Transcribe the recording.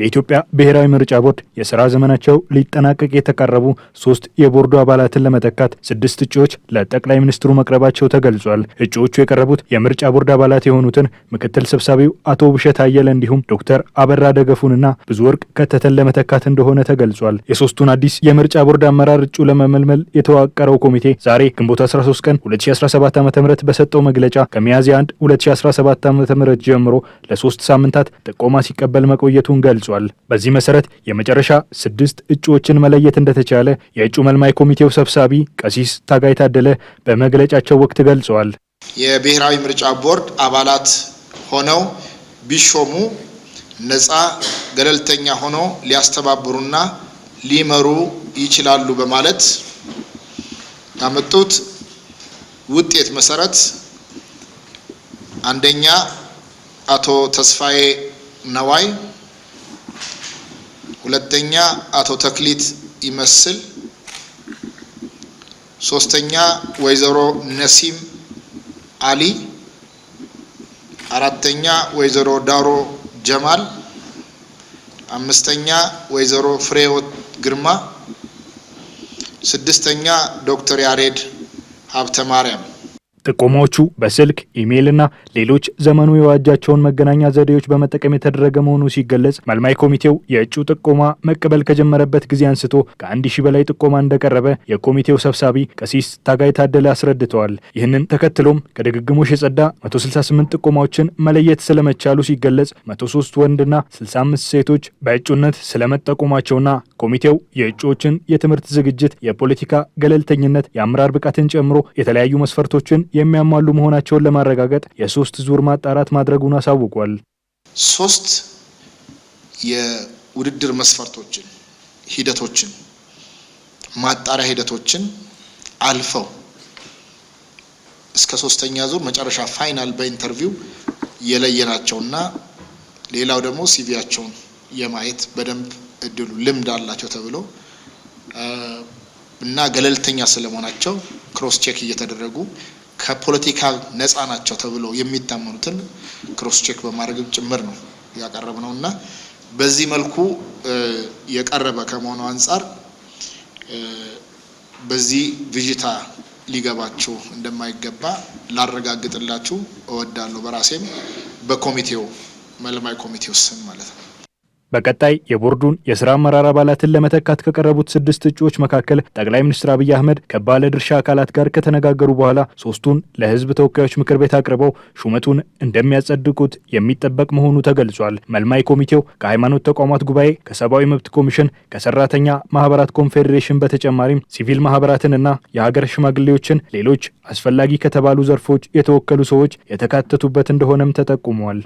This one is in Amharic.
የኢትዮጵያ ብሔራዊ ምርጫ ቦርድ የስራ ዘመናቸው ሊጠናቀቅ የተቃረቡ ሶስት የቦርዱ አባላትን ለመተካት ስድስት እጩዎች ለጠቅላይ ሚኒስትሩ መቅረባቸው ተገልጿል። እጩዎቹ የቀረቡት የምርጫ ቦርድ አባላት የሆኑትን ምክትል ሰብሳቢው አቶ ብሸት አየለ እንዲሁም ዶክተር አበራ ደገፉንና ብዙ ወርቅ ከተተን ለመተካት እንደሆነ ተገልጿል። የሶስቱን አዲስ የምርጫ ቦርድ አመራር እጩ ለመመልመል የተዋቀረው ኮሚቴ ዛሬ ግንቦት 13 ቀን 2017 ዓ ም በሰጠው መግለጫ ከሚያዝያ 1 2017 ዓ ም ጀምሮ ለሶስት ሳምንታት ጥቆማ ሲቀበል መቆየቱን ገልጿል። ገልጿል። በዚህ መሰረት የመጨረሻ ስድስት እጩዎችን መለየት እንደተቻለ የእጩ መልማይ ኮሚቴው ሰብሳቢ ቀሲስ ታጋይ ታደለ በመግለጫቸው ወቅት ገልጸዋል። የብሔራዊ ምርጫ ቦርድ አባላት ሆነው ቢሾሙ ነፃ ገለልተኛ ሆኖ ሊያስተባብሩና ሊመሩ ይችላሉ በማለት ያመጡት ውጤት መሰረት አንደኛ አቶ ተስፋዬ ነዋይ ሁለተኛ አቶ ተክሊት ይመስል፣ ሶስተኛ ወይዘሮ ነሲም አሊ፣ አራተኛ ወይዘሮ ዳሮ ጀማል፣ አምስተኛ ወይዘሮ ፍሬወት ግርማ፣ ስድስተኛ ዶክተር ያሬድ ሀብተ ማርያም ጥቆማዎቹ በስልክ ኢሜይልና ሌሎች ዘመኑ የዋጃቸውን መገናኛ ዘዴዎች በመጠቀም የተደረገ መሆኑ ሲገለጽ መልማይ ኮሚቴው የእጩ ጥቆማ መቀበል ከጀመረበት ጊዜ አንስቶ ከአንድ ሺህ በላይ ጥቆማ እንደቀረበ የኮሚቴው ሰብሳቢ ቀሲስ ታጋይ ታደለ አስረድተዋል። ይህንን ተከትሎም ከድግግሞሽ የጸዳ 168 ጥቆማዎችን መለየት ስለመቻሉ ሲገለጽ 103 ወንድና 65 ሴቶች በእጩነት ስለመጠቆማቸውና ኮሚቴው የእጩዎችን የትምህርት ዝግጅት፣ የፖለቲካ ገለልተኝነት፣ የአመራር ብቃትን ጨምሮ የተለያዩ መስፈርቶችን የሚያሟሉ መሆናቸውን ለማረጋገጥ የሶስት ዙር ማጣራት ማድረጉን አሳውቋል። ሶስት የውድድር መስፈርቶችን፣ ሂደቶችን፣ ማጣሪያ ሂደቶችን አልፈው እስከ ሶስተኛ ዙር መጨረሻ ፋይናል በኢንተርቪው የለየናቸውና ሌላው ደግሞ ሲቪያቸውን የማየት በደንብ እድሉ ልምድ አላቸው ተብሎ እና ገለልተኛ ስለመሆናቸው ክሮስ ቼክ እየተደረጉ ከፖለቲካ ነፃ ናቸው ተብለው የሚታመኑትን ክሮስ ቼክ በማድረግ ጭምር ነው ነው እና በዚህ መልኩ የቀረበ ከመሆኑ አንጻር በዚህ ብዥታ ሊገባችሁ እንደማይገባ ላረጋግጥላችሁ እወዳለሁ። በራሴም በኮሚቴው መለማዊ ኮሚቴው ስም ማለት ነው። በቀጣይ የቦርዱን የስራ አመራር አባላትን ለመተካት ከቀረቡት ስድስት እጩዎች መካከል ጠቅላይ ሚኒስትር አብይ አህመድ ከባለ ድርሻ አካላት ጋር ከተነጋገሩ በኋላ ሶስቱን ለህዝብ ተወካዮች ምክር ቤት አቅርበው ሹመቱን እንደሚያጸድቁት የሚጠበቅ መሆኑ ተገልጿል። መልማይ ኮሚቴው ከሃይማኖት ተቋማት ጉባኤ፣ ከሰብአዊ መብት ኮሚሽን፣ ከሰራተኛ ማህበራት ኮንፌዴሬሽን በተጨማሪም ሲቪል ማህበራትንና የሀገር ሽማግሌዎችን ሌሎች አስፈላጊ ከተባሉ ዘርፎች የተወከሉ ሰዎች የተካተቱበት እንደሆነም ተጠቁሟል።